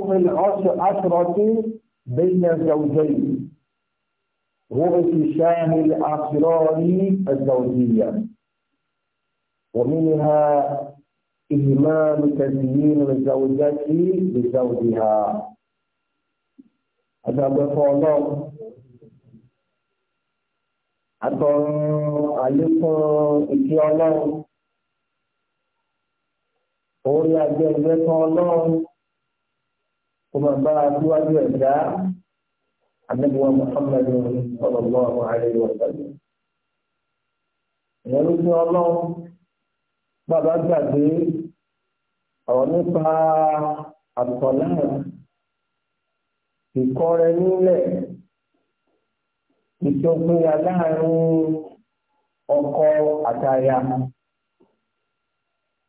وجوه العشرة بين الزوجين في شان الأسرار الزوجية ومنها إهمال تزيين الزوجة لزوجها هذا بفعل àtọ̀run àlékún إتيالا أولي أجل بفعل ìgbẹ́tàn وما بعد وجه الداء النبوة محمد صلى الله عليه وسلم ìyẹn ló ní ọlọ́run bàbá gbàgbé ọ̀rọ̀ nípa àtọ̀lá ìkọrẹ nílẹ̀ ìjọgbéya láàrin ọkọ àtàyà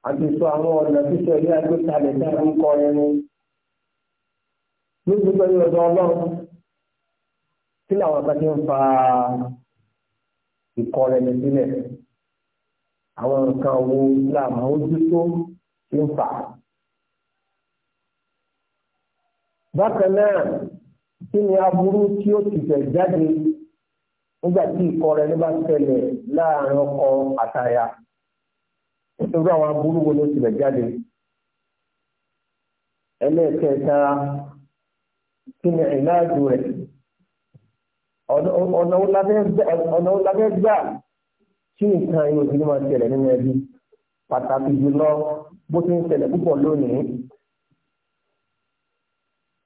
àti sọ àwọn ọ̀nà tí sọ ilé agbékalẹ̀ tá a ní gbogbo ẹni ọ̀dọ̀ ọlọ́run kí làwọn kan ti ń fa ìkọrẹni sílẹ̀ àwọn nǹkan wo làwọn ojútó ti ń fà. bákan náà kí ni aburú tí ó ti tẹ̀ jáde nígbà tí ìkọrẹni bá ṣẹlẹ̀ láàárín ọkọ àtaya nítorí àwọn aburú wo ló ti tẹ̀ jáde. ẹlẹ́ẹ̀kẹta kí ni ìlàjò rẹ̀ ọ̀nà wo la fẹ́ gbà tí nǹkan yóò fi máa ṣẹlẹ̀ nínú ẹbí pàtàkì jùlọ bó ti ń ṣẹlẹ̀ púpọ̀ lónìí.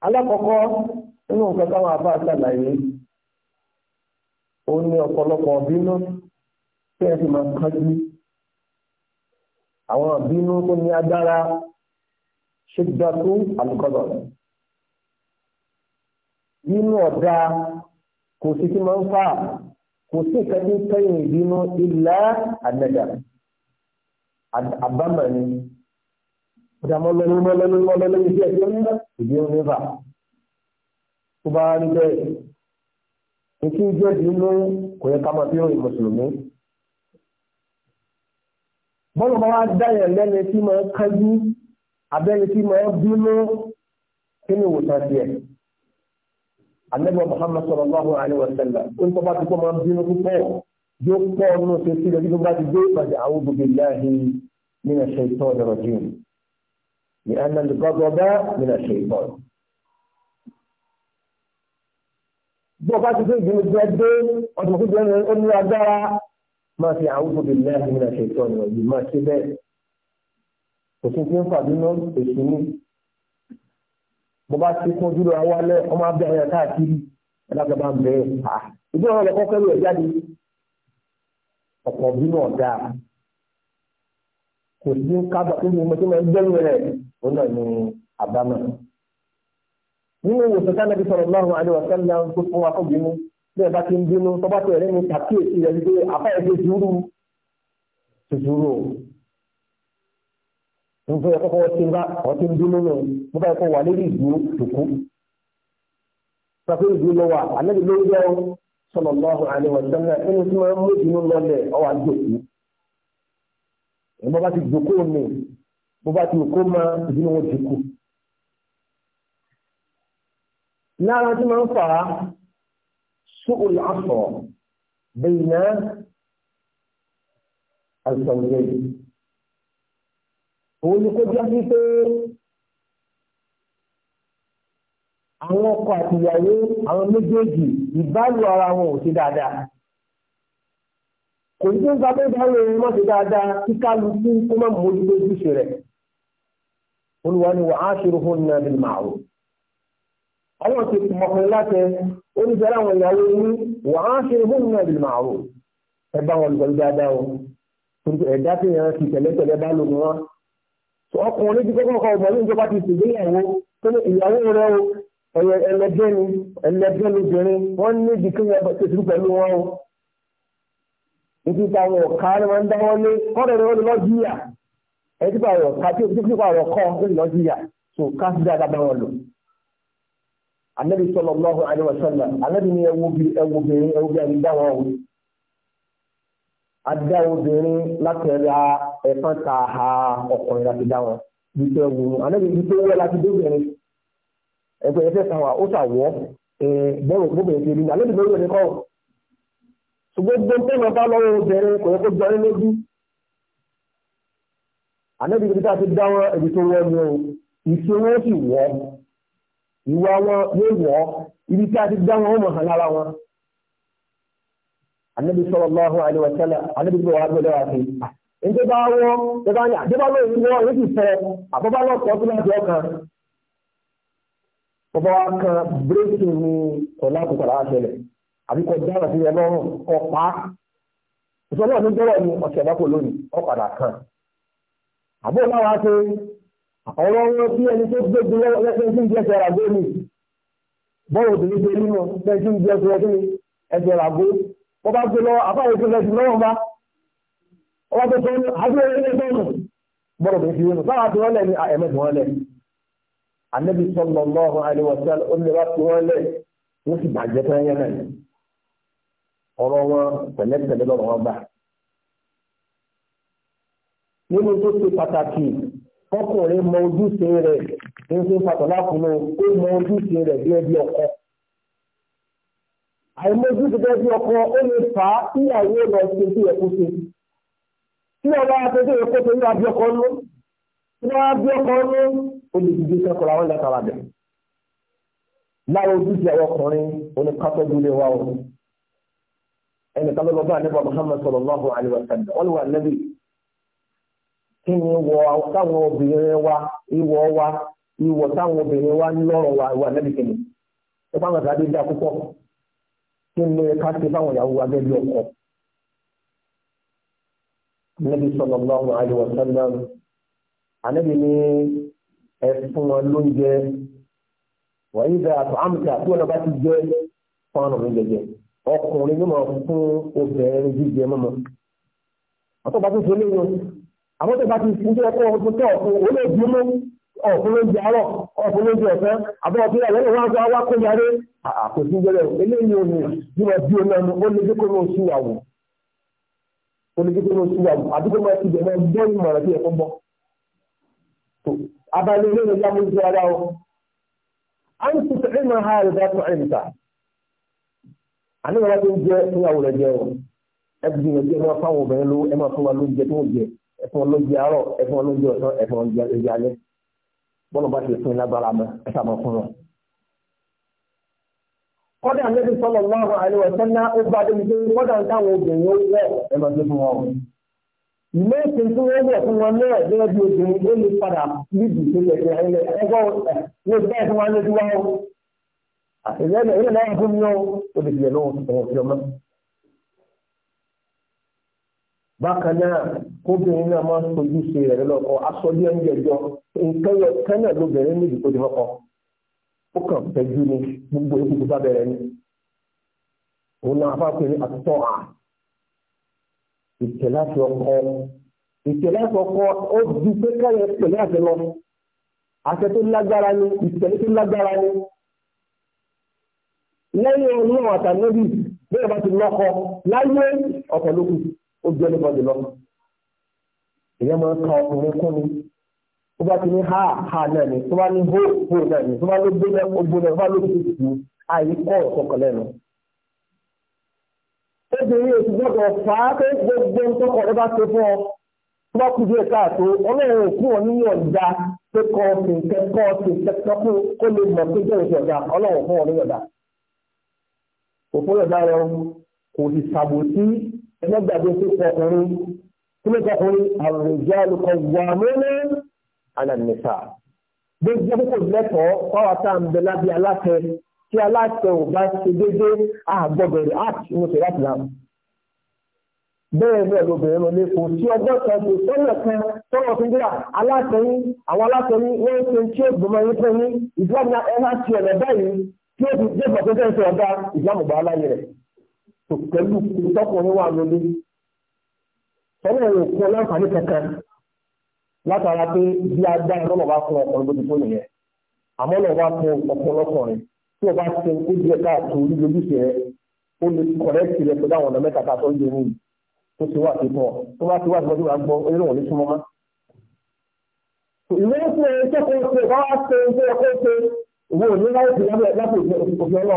alákọ̀ọ́kọ́ nínú nǹkan táwọn àbá ṣàlàyé ó ní ọ̀pọ̀lọpọ̀ bínú tí ẹ sì máa kájú àwọn bínú tó ní agbára ṣe gbà tó àlùkọ́dọ̀ rẹ̀ nínú ọ̀dà kò sí kí máa ń fà kò sí ìka tí ń kẹ́yìn ìbínú ilá àdàdà àbámà ni ọjà mọ́lẹ́ni mọ́lẹ́ni mọ́lẹ́ni bí ẹ̀jẹ̀ ń bá ìbínú nífà tó bá rí bẹ́ẹ̀ ìkí jẹ́ ìbínú kò yẹ ká máa fi hàn mùsùlùmí. bọ́lá bá wá dáyẹ̀ lẹ́ni tí máa ń kájú abẹ́ni tí máa ń bínú kí ni ìwòsàn tiẹ̀. Ànábì Muhammad sallallahu alaihi wa sallam ó ń tọ́ bá ti kọ́ máa ń bínú púpọ̀ yóò pọ̀ nù ṣe sí lọ nígbà tí gbé ìpàdé a'udhu billahi minash shaitanir rajim ní anal ghadaba minash shaitan. bí ọba ti gbé ìgbìmọ̀ tí wọ́n dé ọdún tó gbẹ́nu ó ní agbára máa fi a'udhu billahi minash shaitanir rajim máa ṣe bẹ́ẹ̀ kò sí fi ń fà nínú èsì ní bó bá ti kún ojúlọ àwọn alẹ́ ọmọ abẹ́ ẹ̀yàn káàkiri ẹ̀dàgbà ń bẹ̀ ẹ́ ha ìdí ọ̀rọ̀ lọ́kọ́ kẹ́lú ẹ̀ jáde ọ̀pọ̀ bí náà dáa kò sí kábà tó ní mọ́tò máa ń gbẹ́yìn rẹ̀ ó náà ní àbámọ̀. nínú ìwòsàn tí anábì sọ̀rọ̀ náà àlẹ́ wàsán náà tó fún wa fún bínú bí ẹ bá ti ń bínú tọ́ba tó ẹ̀rẹ́ mi kàkíyèsí rẹ̀ wípé àfáyẹ̀dẹ̀ sùúrù sùúrù nítorí ẹ̀kọ́ fọwọ́ tí ń bá ọtí ń dún nínú mo bá ẹ̀kọ́ wà lórí ìdúró tòkú. Sọ́kùn ìdúró lọ wà àlejò ló ń jẹ́ ọ́ sọ̀rọ̀ lọ́hùn àlewọ̀ sẹ́lẹ̀ ẹni tí wọ́n mú ìdúró lọlẹ̀ ọwà jòkú. Ìmọ̀ bá ti jòkó mi ti kó máa ìdúró wọn jòkó. Lára tí máa ń fà á sóòl àfọ̀ òun ni kó jẹ́ sí pé àwọn ọkọ àtìyàwó àwọn méjèèjì ìbálò ara wọn ò ṣe dáadáa kò ní tó ń gba pé ìbálò wọn mọ̀ ṣe dáadáa kí kálukú kó má mójú lójúṣe rẹ̀ olùwà ni ṣòro fún ní ẹbí màrú àwọn ti mọkùnrin láti oníṣẹ́ àwọn ìyàwó ní wàá ṣòro fún ní ẹbí màrú ẹ bá wọn lọ dáadáa o ẹ̀dá tí yẹn ti tẹ̀lẹ́tẹ̀lẹ́ bá lò wọn ọkùnrin lójú kọ́kọ́ ọmọ ní ìjọba ti ṣègbéyàwó tó ní ìyàwó rẹ o ẹ̀yẹ ẹlẹgbẹ́ni ẹlẹgbẹ́ni obìnrin wọ́n ní ibi kí wọ́n tètè pẹ̀lú wọn o. Ibi táwọn ọ̀ka ni wọ́n ń dá wọn kọ́rọ̀ rẹ̀ wọ́n lọ jìyà. Ẹ ti pààrọ̀ ọ̀ka tí òbí pípa ọ̀rọ̀ kọ́ ó lọ jìyà tó ká sí dáadáa wọn adá obìnrin látẹ̀ra ẹ̀fọn ta ha ọkùnrin láti dá wọn wípé wù ú anábì wípé wọ́n láti dóbìnrin ẹgbẹ́ ẹ̀fẹ́ kan wà ó ṣàwọ́ bọ́ọ̀rù gbóbìnrin ti rí ní anábì lórí ẹ̀rẹ́ kọ́ ṣùgbọ́n gbogbo tó lọ bá lọ́wọ́ obìnrin kò yẹ kó jọrí lójú anábì níbi tá a ti dá wọn ẹbí tó wọ́ ni o ìṣe wọn sì wọ́ ìwà wọn yóò wọ́ ibi tá a ti dá wọn ó mọ̀ anabi sallallahu alaihi anabi gbogbo wa wa fi nígbà bá wọ nígbà ní àdébá lóyún ní wọn yóò ti fẹ́ àbọ̀bá náà kọ́ tó láti ọkàn bọ́bá wa kan bírèkì ní ọ̀la kò kọ̀ọ̀la ṣẹlẹ̀ dára sí ẹlọ́run kọ̀ pa á ìṣọ́ ní gbọ́dọ̀ ní lónìí ọ̀ kan àbó náà wá ṣe ọ̀rọ̀ wọn bí ẹni tó gbé gbé lẹ́sẹ̀ tí ń jẹ́ ṣẹ̀ràgbó ni bọ́ọ̀ wọ́n bá gbé lọ àfáà ètò lẹ́sìn lọ́wọ́n bá ọwọ́ tó tó ní àbúrò ilé lọ́nà bọ́rọ̀ bẹ̀rẹ̀ fi wọnù báwa tí wọ́n lẹ̀ ní àyẹ̀mẹ́ ah, tí wọ́n lẹ̀ anabi sọlọ lọ́hùn àlewọ̀sán onílẹ̀ bá tí wọ́n lẹ̀ wọ́n sì bàjẹ́ tó yẹn náà nínú tó ṣe pàtàkì ọkùnrin mọ ojúṣe rẹ̀ ní ṣe pàtàkì lákùnrin ó mọ ojúṣe rẹ̀ bí ẹbí ọkọ àìmójú gẹ́gẹ́ bí ọkọ ó lè fà á sí ìyàwó lọ sí ojú ẹ̀kọ́ ṣe. tí wọ́n bá ṣe déyẹ kó torí àbí ọkọ ló tí wọ́n bá bí ọkọ ló ó lè dìde sẹ́kọ̀ làwọn ilẹ̀ tara bẹ̀. lára ojúṣe àwọn ọkùnrin oníkátọ́jú lè wá o. ẹnìkan ló lọ bá àníbà Muhammad sallallahu alaihi wa sallam wọ́n lè wà lẹ́bi kí wa ìwọ wa ìwọ táwọn obìnrin wa wa ìwà lẹ́bi kìnnì. ó bá wọn kí ló yẹ ká ṣe báwọn ìyàwó wa gẹ́gẹ́ bí ọkọ. Ànábì sallallahu alaihi wasallam ànábì ní ẹ fún wọn lóúnjẹ wọ́n yí bẹ́ẹ̀ àtọ̀ àmì àti ọ̀nà bá ti jẹ́ fún ọ̀nà jẹjẹ ọkùnrin yóò máa fún obìnrin jíjẹ mọ́mọ́. àtọ́ bá ti fi olóyún àwọn tó bá ti ń jẹ́ ọkọ̀ ọdún tó ọ̀fun olóògbé mọ́. ọ̀pọ̀lọ́jì àárọ̀ ọ̀pọ̀lọ́jì ọ̀sán àbọ̀ọ̀tí àlẹ́lẹ́ wọn sọ wá kọjá a àkòsí jẹrẹ eléyìí omi níwọ̀ bí omi ọmọ ó lè dékò ní àdúgbò máa ti bẹ̀rẹ̀ gbọ́ ìmọ̀ràn tí ẹ̀kọ́ abalẹ̀ ilé ara o a ń tutù ìmọ̀ ha rẹ̀ àníwọ̀n ń rẹ̀ o ẹ gbìyànjú ẹ máa fáwọn obìnrin ló ẹ máa fún wa lóúnjẹ tó ń jẹ ẹ fún wọn lóúnjẹ ẹ bọ́lọ̀ bá ti fún lágbára mọ́ ẹ̀ta mọ́ fún wọn. kọ́dà níbi sọ́lọ̀ lọ́rọ̀ àìlèwọ̀ sẹ́nà ó bá débi pé kọ́dà ń táwọn obìnrin ó wẹ̀ ẹ̀mọ̀ tó fún wọn. méjì tí wọ́n wẹ̀ fún wọn náà gẹ́gẹ́ bí obìnrin ó lè padà níbi tó yẹ kí ẹ̀yìn ẹgbẹ́ ló bẹ́ẹ̀ fún wọn lójú wọn. àtẹ̀lẹ́ bákan náà kóbìnrin náà máa ń sojú ṣe rẹ̀ lọ́kọ aṣojú ẹ̀ńjẹ̀ jọ nǹkan yọ kánà lóbìnrin níbi tó ti fọ́kọ ó kàn fẹ́jú ni gbogbo ìkùkù bá bẹ̀rẹ̀ ni òun náà afá pé ní àtúntọ́ à ìtẹ̀láṣọ ọkọ ìtẹ̀láṣọ ọkọ ó ju pé káyọ̀ pẹ̀lú àṣẹ lọ àṣẹ tó lágbára ni ìtẹ̀lé tó lágbára ni lẹ́yìn ọ̀nà àtàlẹ́bí bẹ́ẹ̀ bá ti lọ́kọ láyé ọ̀pọ̀lọpọ̀ ó jẹ́ ní bọ́dì lọ́mọ. Ìyẹn máa ń ka ọkùnrin kún ni. Tó bá ti ní ha ha náà ni, tó bá ní hó hó náà ni, tó bá ló gbóná ó gbóná, tó bá ló tutù tù àyè kọ́ ọ̀kọ̀kọ̀ lẹ́nu. Obìnrin èsì gbọ́dọ̀ fà á pé gbogbo ntọ́kọ̀ ló bá ṣe fún ọ. Tó bá kú díẹ̀ káàtó, ọlọ́run òkú wọn níyọ̀ǹda pé kọ́ ọ̀sìn kẹ́kọ́ ọ̀sìn kẹ́kọ́ kó lè mọ̀ pé jẹ́ ìṣọ̀dá ọlọ́run fún ọ níyọ̀ǹda. Òfin ìyọ̀ǹda rẹ̀ kò sì ṣàbòsí ẹlẹ́gbàgbé tó kọkùnrin tí ló kọkùnrin ar-rijalu qawwamuna 'ala an-nisa. gbogbo kókò lẹ́tọ̀ọ́ fáwọn tá à ń bẹ lábẹ́ aláṣẹ tí aláṣẹ ò bá ṣe déédéé àgbọ̀bẹ̀rẹ̀ art mo ṣe láti làm. bẹ́ẹ̀ bẹ́ẹ̀ lóbìnrin lọ lẹ́kọ̀ọ́ tí ọgbọ́n kan kò sọ́nà kan tọ́wọ́ fi gbéra aláṣẹ yín àwọn aláṣẹ yín wọ́n ṣe tí ó gbọmọ yín fún yín ìsìlámù náà ẹ kò pẹ̀lú ìtọ́kùnrin wà lórí sọ́nà ẹ̀rọ kú ọlọ́ǹfààní kankan látara pé bí a dá ẹ̀rọ lọ́wọ́ fún ọkùnrin lójú fóònù yẹn àmọ́ lọ́wọ́ fún ọ̀pọ̀lọpọ̀ rẹ̀ tí o bá ṣe ó di ẹ̀ka àtòrí lójúṣe rẹ̀ ó lè kọ̀rẹ́tì rẹ̀ pẹ̀lú àwọn ọ̀nà mẹ́ta tá a sọ yé nìyí tó ti wà sí pọ̀ tó bá ti wà sí mọ́tò àgbọ̀ oníròwò ní súnmọ́ má. tó bá wá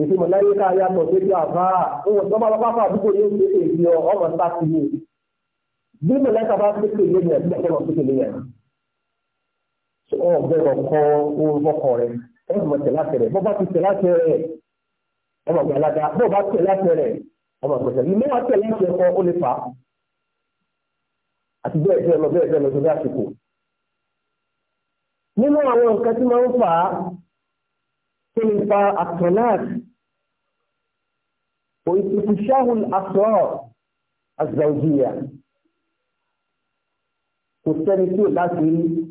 èsì mọ̀láyé ká yàtọ̀ tó jẹ́ àfáà ohun tó bá wọ́n pápá àdúgbò yóò ṣe èyí ọ ọmọ ńlá ti yé bí mọ̀láyé bá ṣe kéde yẹn bí ọ̀pọ̀ ṣe kéde yẹn ọ bẹ̀rọ̀ kọ ohun fọkọ rẹ ẹ mọ̀ tẹ̀ láti rẹ bó bá ti tẹ̀ láti rẹ ọmọ ìgbà lága bó bá tẹ̀ láti rẹ ọmọ ìgbà tẹ̀ ìmọ̀ tẹ̀ láti ẹ̀kọ́ ó lè fà á àti bẹ́ẹ̀ bẹ́ẹ̀ lọ bẹ́ẹ̀ bẹ́ẹ̀ lọ sórí àsìkò nínú àwọn nǹkan tí máa ń fà á kí ni fa àtọ̀láàtì واستفشاه الأسرار الزوجية والثاني سوء الأسري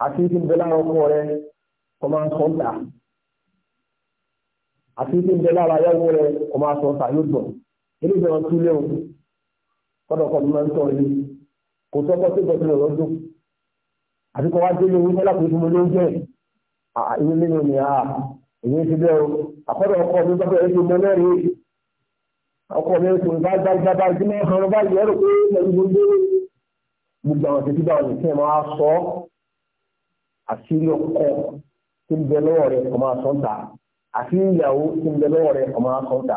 عفيف البلاء وقوره وما صنع عفيف البلاء لا يوره وما صنع يدبر ilé ìjọba tún lé òun kọ́dọ̀kọ́ ló máa ń tọ́ ilé kò sọ́kọ́ tó gbọ́dọ̀ lọ lọ́dún àbíkọ́ wá délé orí mọ́lá kò fún mi lóúnjẹ ìwé nínú ni àá èyí ti bẹ́ẹ̀ o àkọ́dọ̀ ọkọ mi gbọ́dọ̀ èyí mọ lẹ́rìí ọkọ mi tó bá gbàgbà bá ti máa hàn báyìí ẹ̀rọ pé lẹ́yìn ló ń dé gbogbo àwọn tètè bá wọn kí ẹ máa sọ àṣírí ọkọ tí ń bẹ lọ́wọ́ rẹ ọmọ àsọ̀ǹta àṣírí ìyàwó tí ń bẹ lọ́wọ́ rẹ ọmọ àsọ̀ǹta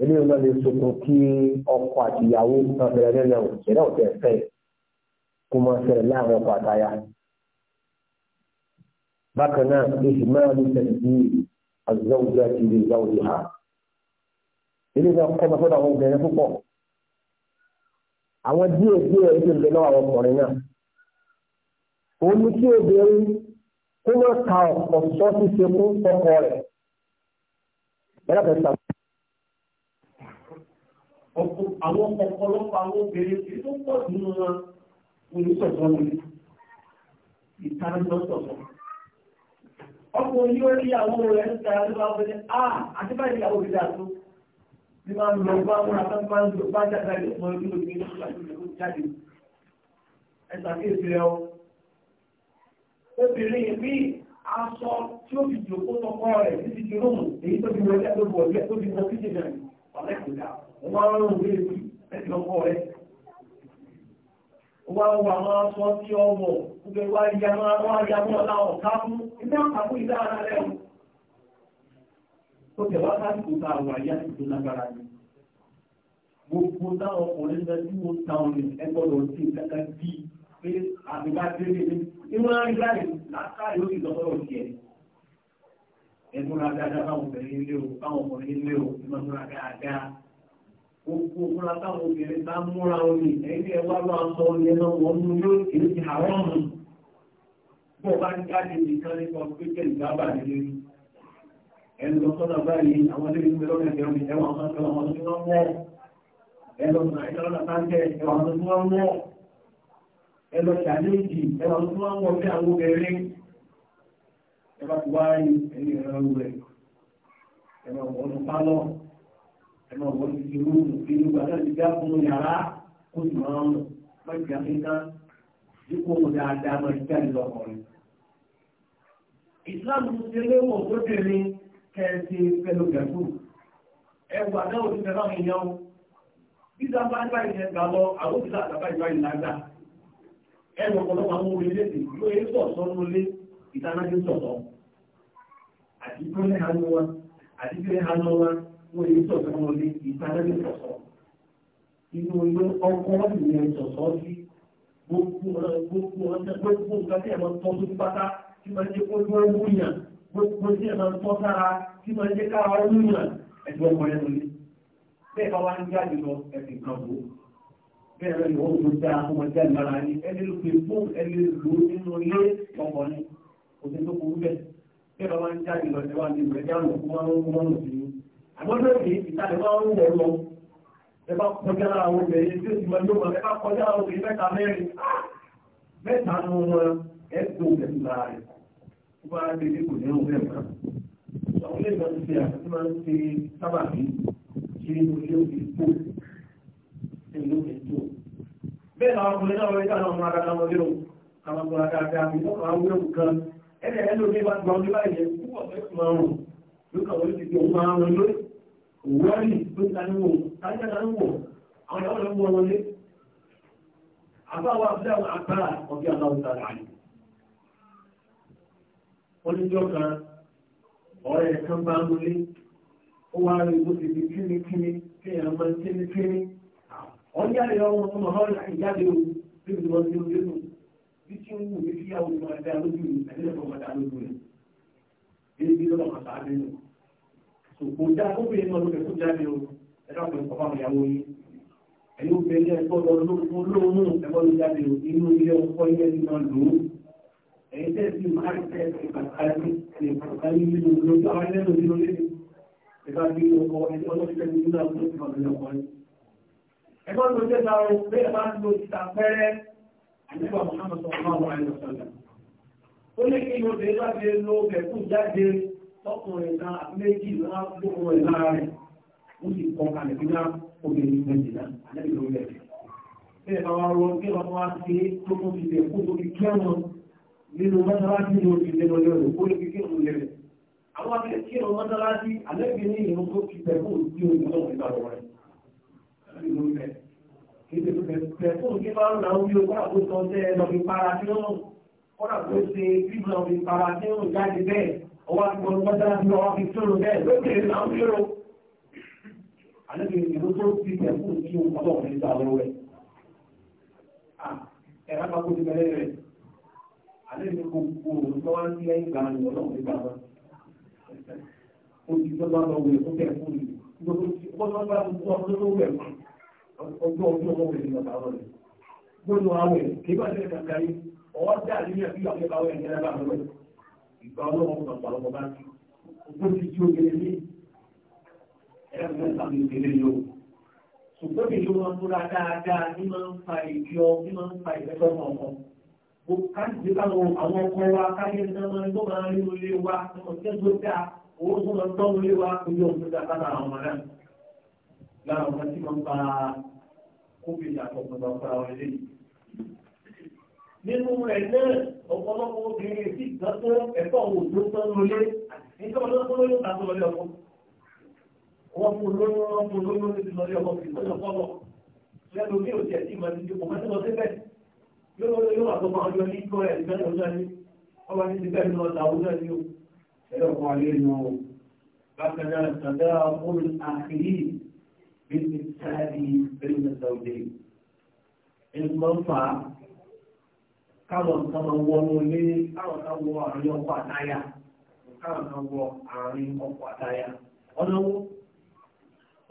eléyìí náà lè sokun kí ọkọ àti ìyàwó náà bẹ̀rẹ̀ lẹ́lẹ́ o ṣẹlẹ̀ òtẹ̀ fẹ́ kó máa ṣẹlẹ̀ láàrin ọkọ àtaya bákan náà ìhìmáàlú tẹ̀sí àzọ́jà ti lè gbá òjò ha. ilé náà kọ́ máa fọ́dọ̀ àwọn obìnrin púpọ̀. àwọn díẹ̀ díẹ̀ ètò ìgbẹ́ náà àwọn ọkùnrin náà. òun ni kí obìnrin kó máa ka ọ̀sọ́ ṣíṣe fún ọkọ rẹ̀. yàrá kẹta. àwọn ọ̀pọ̀lọpọ̀ àwọn obìnrin tí ó pọ̀ nínú wọn kò ní sọ̀tọ̀ wọn ìtara lọ́sọ̀tọ̀ ọkọ̀ yóò rí àwọn rẹ̀ ń tara ló bá wọ́n ní à àti báyìí ìyàwó rẹ̀ dà tó bí máa ń lọ bá wọn àti máa ń lọ bá jáde lè mọ ojú omi ní ìgbà tó lè jáde ẹ ṣàkíyèsí rẹ o. obìnrin bí aṣọ tí ó fi jòkó tọkọ rẹ̀ títí di rúmù èyí tó fi wọlé tó fi wọlé tó fi wọ kíjì ọ̀lẹ́kùnrin àwọn ọmọ ọlọ́run lè fi ẹ̀ wá wọ àwọn aṣọ tí ó wọ̀ gbogbo wá ya máa wá ya mọ́ láwọn ká fún ilé àpapọ̀ ilé ara rẹ̀ o. ó tẹ̀wá sásìkò tá a wà yá tó lágbára ni. o táwọn ọkùnrin náà tí wọ́n ta ọ̀rìn ẹgbọ́n lọ sí ìdáka bí pé àbíká délé ní ìwọ̀n rí láì lákàrí ó sì lọ́sọ̀rọ̀ tiẹ̀. ẹ̀gbọ́n ra dáadáa báwọn obìnrin ilé o báwọn ọkùnrin ilé o ìmọ̀ gbogbo múra táwọn obìnrin bá múra omi ẹni ẹwà lọ aṣọ omi wọn mú yóò kéré ti àwọn ọmọ bó bá ń jáde nìkan nípa pípẹ́ ìgbàbà nílé ẹni lọ sọ́nà báyìí àwọn ilé ìgbẹ́ lọ́nà ẹ̀jẹ̀ omi ẹwà ọmọ ẹwà ọmọ tí wọ́n mọ́ ẹlọ sọ̀rọ̀ sáńjẹ́ ẹwà ọmọ tí wọ́n mọ́ ẹlọ ṣàlẹ́jì ẹwà tí wọ́n mọ́ bí àwọn obìnrin ẹwà ẹ̀mọ́ wọ́n ti fi rú ìlú gbàdá ti já fún yàrá kó sì máa ń mọ̀ ìjà fi tán dípò mo dáadáa máa já ìlú ọkùnrin. ìsìláàmù ti ṣe léwọ̀ tó dèrè kẹ́ẹ̀sì pẹ̀lú gẹ̀ẹ́sù ẹwà náà ti fẹ́ náà yẹn bí sábà ń bá ìṣẹ̀ gbà lọ àwọn òṣìṣẹ́ àtàkà ìjọ ìlàgbà ẹnu ọ̀pọ̀lọpọ̀ àwọn orílẹ̀-èdè ló yẹ sọ̀tọ̀ lólé ìtanájú sọ̀tọ̀ àti gbọ́lẹ̀ hánú wọn àti gbọ́lẹ̀ hánú wọn wọ́n èyí sọ̀tọ̀ wọn lé ìtàlẹ́lẹ́ sọ̀sọ̀ inú ilé ọkọ̀ ìyẹn sọ̀sọ̀ sí gbogbo ọjọ́ gbogbo nǹkan tí ẹ̀mọ́ tọ́ sí pátá tí máa jẹ́ kó ló wú yàn gbogbo tí ẹ̀mọ́ tọ́ sára tí máa jẹ́ káwa wú yàn ẹ̀jọ́ ọmọ ẹ̀ lórí bẹ́ẹ̀ bá wá ń jáde lọ ẹ̀sìn kan bò bẹ́ẹ̀ lọ ìwọ́n tó dáa ọmọ jáde lára ní ẹni ló fi fún ẹni lò nínú ilé ọkọ̀ ni kò sí tó kúrú bẹ́ẹ̀ bá wá ń jáde lọ ẹ̀wà ní ìgbẹ́jáwó fún wọn ló ń àmọ́jọ́ èdè ìtàlẹ̀ máa ń wọ̀ lọ ẹ bá kọjá lára àwọn obìnrin tí ó ti máa lọ́wọ́ ẹ bá kọjá lára obìnrin mẹ́ta mẹ́rin mẹ́ta nu wọn ẹ tó pẹ̀lú lára rẹ̀ ó bá rẹ̀ pé kò ní òun bẹ́ẹ̀ mọ́. àwọn ilé ìgbà tó ṣe àti máa ń ṣe sábàbí ṣe inú ilé òbí tó ṣe inú òbí tó. bẹ́ẹ̀ làwọn ọkùnrin náà wọlé káwọn ọmọ adájọ́ wọn lérò àwọn ọmọ adájọ́ àbí ọkọ̀ àwọn wíwọ̀n kan ẹ̀ẹ́dẹ̀ẹ́dẹ́ lómi bá ti gba báyìí púpọ̀ fẹ́ẹ́ máa rùn lókàwé ti di òun máa rùn lórí wọ́n tó tánúwò tánúwò àwọn ọ̀rọ̀ ń wọlé àbáwọ̀ abúláwọ̀ àpárá ọ̀gá aláwọ̀ sára àyè oníjọ́ ọ̀rẹ́ kan bá ń wọlé ó wá rí bó ti di kíníkíní kí kíníkíní ọ̀yáre ọmọ ọ̀rẹ́ kò dá kóbìnrin náà lókè tó jáde o ẹ̀dá pẹ̀lú ọba àwọn ìyàwó yìí ẹ̀yìn obìnrin ẹ̀kọ́ lọ lóòórùn ẹ̀kọ́ ló jáde o inú ilé ọkọ̀ ilé ní náà lò ó ẹ̀yìn tẹ́ sí máa ń tẹ́ ẹ̀kọ́ àti ẹ̀kọ́ nínú lójú àwọn ilé tọkùnrin náà méjì náà lókun rẹ̀ lára rẹ̀ ó sì kọ́ kalẹ̀ bí náà obìnrin méjì náà alẹ́ ìlú rẹ̀. bẹ́ẹ̀ bá wa rọ bí wọn wá sí tó kún ti bẹ̀ tó fi kí ọ̀nà nínú mọ́sálásí ni oṣù lẹ́nu lẹ́nu kó lè fi kí ọ̀nà àwọn akẹ́kẹ́ kí ọ̀nà mọ́sálásí alẹ́ bí ní ìrún tó fi bẹ̀ fún òbí oṣù náà nígbà lọ́wọ́ rẹ̀. bẹ̀ fún òbí bá ń ọwọ́ àgbọn mọ́tàlá ti ọwọ́ fi tó lò bẹ́ẹ̀ lókè náà ń lérò àlejò ìlú tó ti tẹ̀kù kí o mọ́tò ọ̀fẹ́ nígbà lọ́wọ́ rẹ̀ ẹ̀rọ àpapọ̀ ti bẹ̀rẹ̀ rẹ̀ àlejò gbogbo olùkọ́ wá sí ẹ̀yìn ìgbà ni ọlọ́run nígbà wọn ojú tó bá lọ wẹ̀ fún tẹ̀kù yìí gbogbo bá ń tọ́ ọdún tó wẹ̀ ọjọ́ ọdún ọmọ wẹ̀ nígbà bá rọ̀ gbogbo àwẹ̀ kí bá ṣe kàkàrí ọwọ́ dà níyàn bí àwọn ẹ̀ka wẹ̀ ní ẹ̀ka ìgbà ọlọ́wọ́ kan pàlọ́ bọ́ bá ti ó ti tí ó kéré ní ẹ̀rọ mẹ́ta ló kéré yóò ṣùgbọ́n mi ló máa múra dáadáa ní máa ń fa ìjọ ní máa ń fa ìfẹ́fẹ́ ọmọ ọmọ mo káàkiri káwọn àwọn ọkọ wa káyé náà máa ń tó máa rí olè wa ọmọ tí ó tó dáa owó tó máa tọ́ olè wa kò yọ òun dáa àwọn ọmọ lára ọmọ tí máa ń fa kófìlì àtọkùnrin ọ̀pọ̀lọpọ̀ obìnrin sí ìtọ́tọ́ ẹ̀tọ́ òun káwọn nǹkan máa wọ inú ilé káwọn kan wọ àárín ọkọ àtayà káwọn kan wọ àárín ọkọ àtayà ọ̀nà wo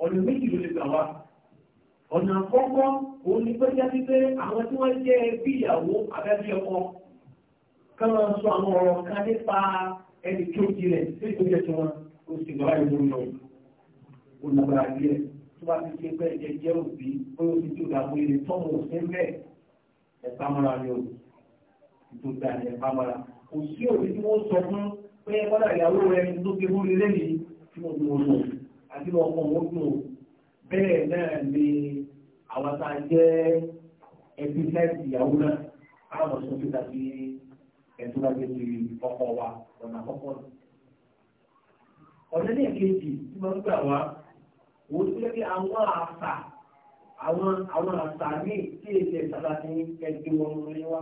ọ̀nà méjì ló lè gbà wá ọ̀nà àkọ́kọ́ òun ni pé jáde pé àwọn tí wọ́n jẹ́ bí ìyàwó abẹ́bí ọkọ sọ àwọn ọ̀rọ̀ kan nípa ẹni rẹ̀ tí ó jẹ́ tí wọ́n ó sì díẹ̀ tó bá ti ṣe pé ẹ̀jẹ̀ jẹ́ òbí tó gba ẹ̀ pamọ́ra kò sí òbí tí wọ́n sọ fún pé kọ́dà ìyàwó rẹ tó fi rú lé lẹ́yìn tí wọ́n dùn ọ̀nà àti ọkọ̀ wọn dùn bẹ́ẹ̀ náà ni àwọn tá a jẹ́ ẹbí láìsí ìyàwó náà àwọn sọ pé tàbí ẹ̀tọ́ láti fi ọkọ̀ wa ọ̀nà àkọ́kọ́ nù. ọ̀nà ní èkejì tí wọ́n gbà wá wò ó pé kí àwọn àṣà àwọn àwọn àṣà míì tí èsì ẹ̀sà láti ẹgbẹ́ wọn lórí wá.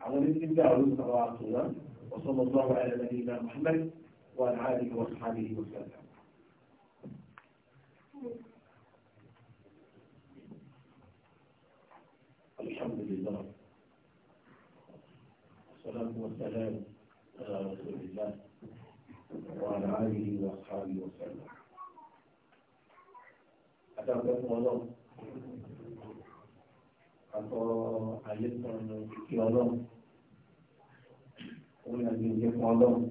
على مثل داود صلوات الله وصلى الله على نبينا محمد وعلى آله وأصحابه وسلم الحمد لله والصلاة والسلام على رسول الله وعلى آله وأصحابه وسلم الله àtọrọ àlékún ìkí ọlọ́run òun náà ní ìjẹ́ fún ọlọ́run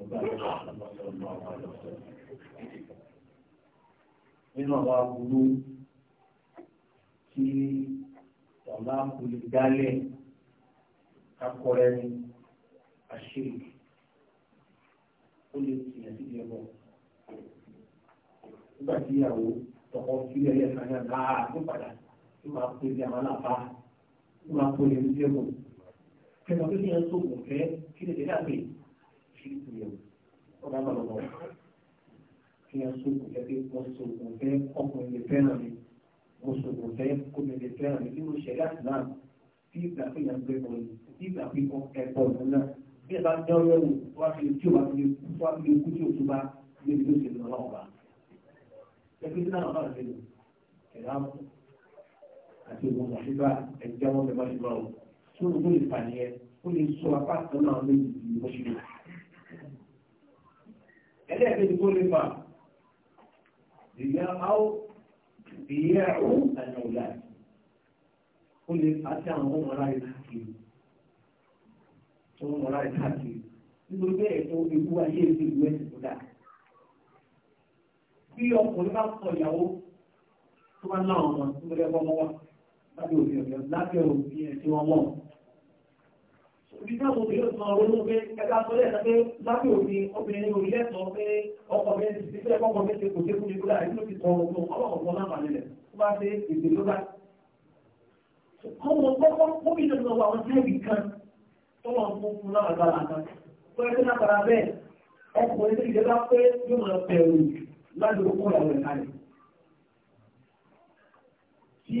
ọgbà àlọ́sọ̀rọ̀ àwọn àlọ́sọ̀rọ̀. nínú ọba burú tí ọ̀la kò lè dálẹ̀ kakọrẹ́ ní àṣírí ó lè tìyàn sí ìjẹ́bọ̀ nígbà tí ìyàwó tọkọ sílẹ̀ lẹ́ẹ̀kan náà bá tó padà sí tí máa pè aláàbá tí máa pè ní ojú ẹ̀mọ́. kẹta pé kí tó kò fẹ́ kí lè dé dàgbé kí lè tuyẹ̀ ọ̀dà bàbà bọ̀. kí ẹ tó kò fẹ́ pé mo so kò ọkùnrin lè fẹ́ràn mi mo so kò fẹ́ kómi lè fẹ́ràn mi bí mo ṣẹ̀ láti náà bí ìgbà pé yẹn gbé bọ̀ bí ìgbà pé ẹ̀kọ́ ìlú náà bí ẹ bá dán lọ́rùn wá fi ojú wa fi wá fi ojú tí o tún bá lé ní oṣù lọ́wọ́ wa. ẹgbẹ́ tí náà bá rẹ̀ lè lò ẹ̀rọ àwọn àti ìwọ̀n mọ̀ṣíbà ẹ̀jẹ̀ wọn bẹ̀ mọ̀ṣíbà o tí ó lè fàníyẹ ó lè sọ apá kan náà lórí ìlú mọ̀ṣíbà. ẹlẹ́ẹ̀kejì tó lè fà ìyá áwò ìyá ó àná ọ̀la ó lè fà sí àwọn ọmọ ọ̀la rẹ̀ káàkiri ọmọ ọ̀la rẹ̀ káàkiri nítorí bẹ́ẹ̀ tó ewu ayé ìlú ìlú ẹ̀sìn tó bí ọkùnrin bá kọ ìyàwó tó bá náà wọn tó bẹ̀rẹ̀ bọ́ mọ́ wa lábẹ́ òfin ọ̀yọ́ lábẹ́ òfin ẹ̀sìn ọlọ́run. Òbí náà mo fi ó san owó lóògbé ẹ̀ka sọ lẹ́ẹ̀ta pé lábẹ́ òfin obìnrin ní orílẹ̀ sọ pé ọkọ mi ti fi fẹ́ ọkọ mi ti kò dé fún mi kúrò àìsí ló ti tọrọ fún ọlọ́kọ̀ fún ọlọ́pàá nílẹ̀ tó bá ṣe èdè ló bá. Ọmọ kọ́kọ́ ó bí ìjọba wa àwọn táìbì kan tó wọ́n fún fún lágbára kan. Wọ́n yẹ kí lágbára bẹ́ẹ̀ ọkùnrin ní ìjọba pé yóò máa bẹ̀rù láti òkú ọ̀rọ̀ rẹ̀ kalẹ̀. Tí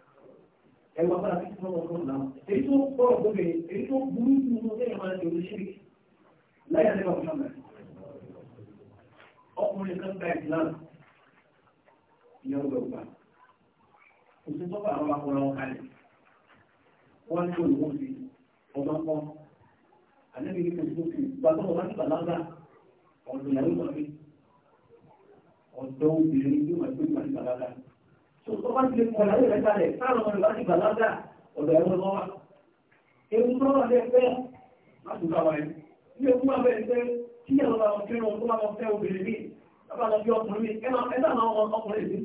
ẹwà bá ti fún ọmọ náà èyí tó bọ̀rọ̀ bóbè èyí tó burú jù ú lẹ́yìn máa ṣe oríṣiríṣi láyé àdébà fún ọmọ ọkùnrin kan gba ìsìlám ìyàwó gbẹ̀gbà kò sí tọ́pọ̀ àwọn akọ̀rọ̀ wọn kalẹ̀ wọ́n ní olùkọ́ sí ọmọ kan àlẹ́bí ní kò sí òkè gbàgbọ́ ọmọ ti bàlágà ọ̀dọ̀ ìyàwó ìgbàgbé ọ̀dọ́ obìnrin yóò máa gbé ìgbàgbé bàlágà tó bá ti ọmọ tó wà Ní bá wọn kírun tó bá wọn fẹ́ obìnrin mi, bàbá lọ bí ọkùnrin mi, ẹ náà máa wọn ọkùnrin mi.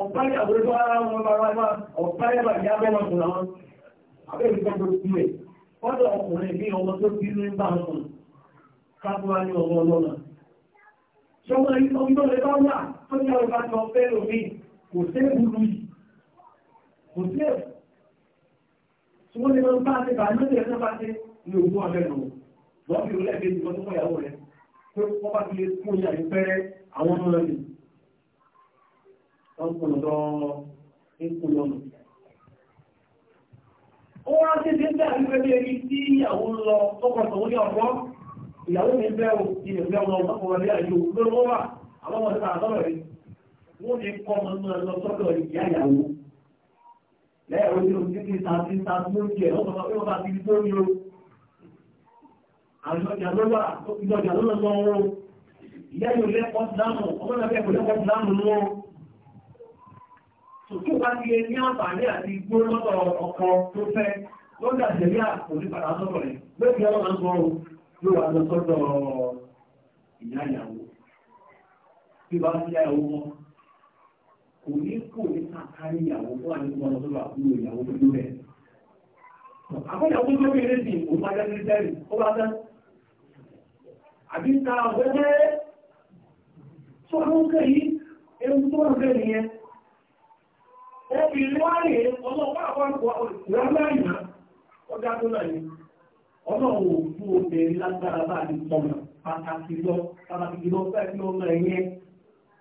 Ọ̀pá ìyàwó tó ara wọn bá wá ọ̀pá ìyàwó ìyá bẹ́ẹ̀ máa kùn àwọn. Àbẹ́rẹ́ tó tó kú ẹ̀. Fọ́dọ̀ ọkùnrin mi ọmọ tó bí ní bá wọn. Káàbùrá ní ọmọ tó ní ọba tó fẹ́ lómi kò séèkù lu yìí kò séèkù tí wọ́n lè máa bá a ṣe bàá lóde ẹ̀ bá ṣe ní ogún ọ̀rẹ́ lò wọ́n fi rúlẹ̀ bí ìgbọ́n tó ìyàwó rẹ̀ pé wọ́n bá fi lè fún ìyá rẹ̀ fẹ́rẹ́ àwọn ọmọ rẹ̀ wọ́n kò lọ́dọ̀ ikú lọ́nà. ó wá ṣe ṣe ń bẹ́ àríwẹ́ bí tí ìyàwó lọ tọkọtọ̀ ó ìyàwó mi bẹ́ ò ilẹ̀ bẹ́ ọmọ ọmọ ọmọ ọmọ àwọn ọmọ ìta rẹ̀ wọ́n ní kọ́ ọmọ náà lọ sọ́dọ̀ ìyá ìyàwó lẹ́yìn ojú omi títí ta ti ta tó ń jẹ ọmọ ọmọ bá ti tó ní o àwọn ọjà ló wà ìjọ ọjà ló lọ o ìyá yóò lẹ́kọ̀ọ́ dáàmù ọmọ náà fẹ́ kò lẹ́kọ̀ọ́ dáàmù lọ tòkí wá sí ní àǹfààní àti igbó lọ́dọ̀ ọkọ tó fẹ́ lọ́dọ̀ àjẹmí àpò ní padà sọ́dọ̀ rẹ̀ bẹ́ẹ̀ ọlọ́run sọ́dọ̀ ìyá ìyàwó bí bá ń yá wọn kò ní kò ní káàkárí ìyàwó fún àníkùn ọmọ tó bá kúrò ìyàwó tó lórí ẹ̀. àkọ́yàwó tó kéré sí òun máa dájú sẹ́rì ó bá tán. àbí ta àgbẹ̀gbẹ́ tó àwọn kẹ́ yìí ewu tó wà bẹ́ẹ̀ nìyẹn. obìnrin wá rèé ọlọ́pàá àpapọ̀ ìrọ̀lá ìmọ̀ ọjà tó náà ni ọlọ́run ò fún obìnrin lágbára bá a ti sọ̀rọ̀ pàtàkì lọ pàtàkì lọ fẹ́ẹ́ fi ọmọ ẹ̀yẹn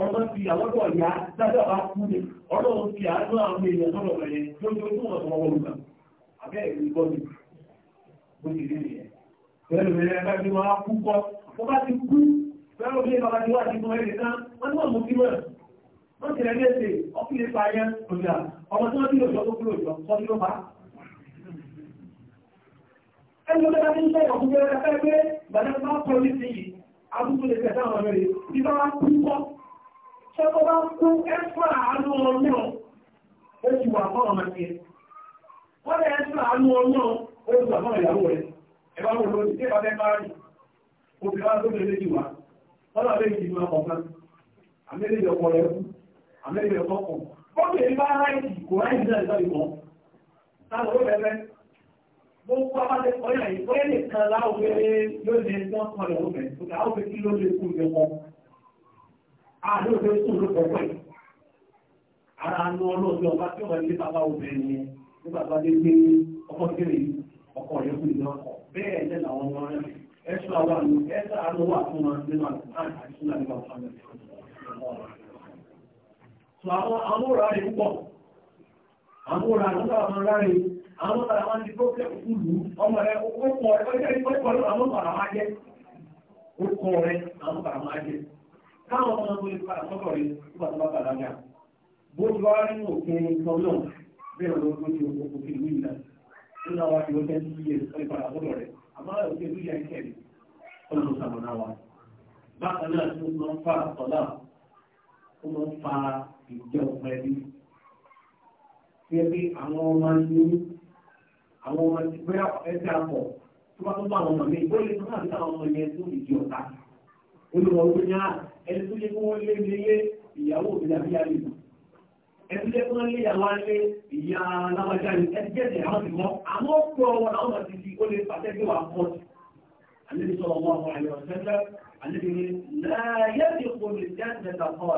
ọmọ ti àwọ́dọ̀ ìyá dájọ́ bá kú ọlọ́run ti àánú àwọn èèyàn sọ́rọ̀ rẹ̀ lójú ojú wọn sọ́wọ́ olùgbà abẹ́ ìlú gbọ́ mi bó ti rí nìyẹn pẹ̀lú rẹ̀ bá ní ti rẹ̀ léṣe ọkùnrin pa ayẹ́ ọmọ rẹ̀ bí bá ṣe tó bá kú ẹ́fà àánú ọlọ́run ó ti wà wọ́n lè ẹ́fà àánú ọlọ́run ó ti ìyàwó rẹ̀ ẹ̀bá wọn lórí tí ìbáfẹ́ bá rí lè lè jìwà wọ́n lọ lè jìwà ọ̀kan àmẹ́lẹ́dẹ̀ ọkọ̀ rẹ̀ kú àmẹ́lẹ́dẹ̀ ọkọ̀ kù lè tán kan lọ́wọ́ àádọ́fẹ́ sùn ló pọ̀ pẹ̀. Ara anú ọlọ́ọ̀dún ọba ọba ilé bàbá obìnrin yẹn ní bàbá lé gbé ọkọ̀ kéré ọkọ̀ rẹ̀ kú ìlú ọkọ̀. Bẹ́ẹ̀ ní làwọn ọmọ ọmọ káwọn ọmọ tó lè padà nígbà tó bá bàlágà bó ti wá nínú òfin nǹkan bẹ́ẹ̀ ló tó ti òkú kí ìlú ìlà tó náà wá ti ọjọ́ sí iye tó lè padà sọ́kọ̀ rẹ̀ àmọ́ òfin ìlú ìyá ìkẹ́ rẹ̀ ọlọ́run sàmọ̀nà wa bákan náà tó máa ń fa ọ̀la ó máa ń fa ìjẹ́ ọmọ ẹbí tí ẹbí àwọn ọmọ ní àwọn ọmọ ti bẹ́ẹ̀ ẹgbẹ́ àpọ̀ tó bá tó bá àwọn ọmọ mi ó lè tó náà ẹni tó jẹ́ kí wọ́n lé nílé ìyàwó ìdàbíyà lè mọ̀ ẹni jẹ́ kí wọ́n lé ìyàwó alẹ́ ìyá alábàjá ni ẹni jẹ́ ìyàwó àwọn ti mọ́ àmọ́ pọ̀ wọn àwọn àti ti ó lè pàṣẹ pé wà pọ̀ sí. àlejò sọ̀rọ̀ wọn àwọn àyẹ̀wò sẹ́ńtẹ́ àlejò ni láyé ti kò lè jẹ́ ẹ̀ẹ́dẹ̀ta kọ́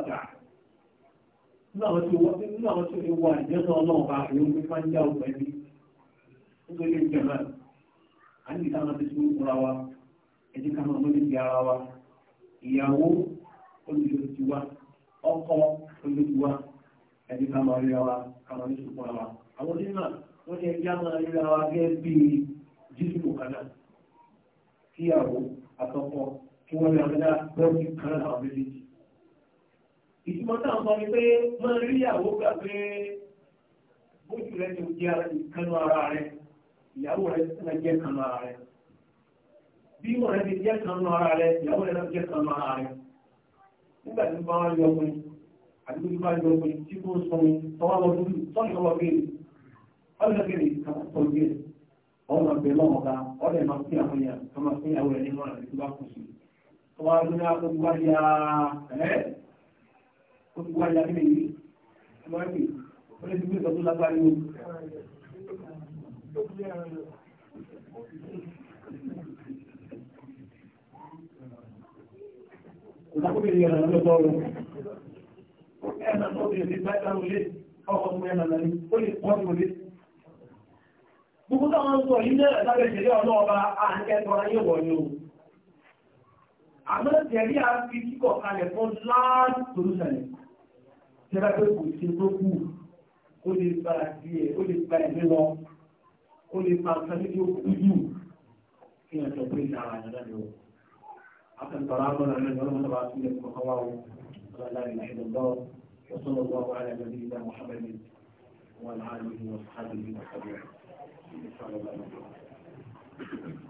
nínú àwọn tí wà ìjẹ́sọ̀ náà bá ìwé fífa ń já òkú ẹbí ìyàwó olùdíje ọkọ olùdíje ẹni ká máa ríra wa ká ní ṣùgbọ́n wa àwọn onímọ̀ wọ́n ní ẹjẹ́ máa ríra wa gẹ́gẹ́ bí jíjù kọ̀kadà kíyàwó àtọkọ kí wọ́n ríra kọ̀kadà bọ́ọ̀kì kan àwọn méjèèjì. ìtumọ̀ táwọn sọ ni pé máa rí ìyàwó gbà pé bójú rẹ ti jẹ́ ìkànnù ara rẹ ìyàwó rẹ ti jẹ́ ìkànnù ara rẹ bí wọ́n rẹ ti jẹ́ ìkànnù ara rẹ ìyàwó rẹ ti jẹ́ ìkànnù ara rẹ nígbà tí bá yọ pé àdúgbò tí bá yọ pé tí kò sọ mi tọwọ́ lọ dúdú tọ́lù lọ́wọ́ béèrè ọ̀lẹ́ béèrè kàkà tó gbé ọ̀hún àgbẹ̀ lọ́wọ́ ká ọ̀lẹ́ máa fi ìdákùnrin ẹ̀rọ lọ́jọ́ rẹ̀ ẹ̀rọ lọ́jọ́ rẹ̀ báyìí lè ọkọ̀ mú ẹ̀rọ lọ́rí ó lè pọ́ sí olè gbogbo táwọn sọ yìí náà lábẹ́ ìṣẹ̀lẹ̀ ọlọ́ọba àǹkẹ́tọ́ ayé wọ̀ ni o àmọ́ tẹ̀lé a fi kíkọ̀ kalẹ̀ fún láàrín tòlúsàlẹ̀ tẹ́lá pé kò sí tó kù ó lè gba díẹ̀ ó lè gba ẹ̀mí wọn ó lè gba nǹkan níbi ó kú jù kí ẹ̀sọ̀ pé أكن ترامل من علم تباسيل المخواه لا إله إلا وصلى الله على نبينا محمد وعلى آله وصحبه وسلم.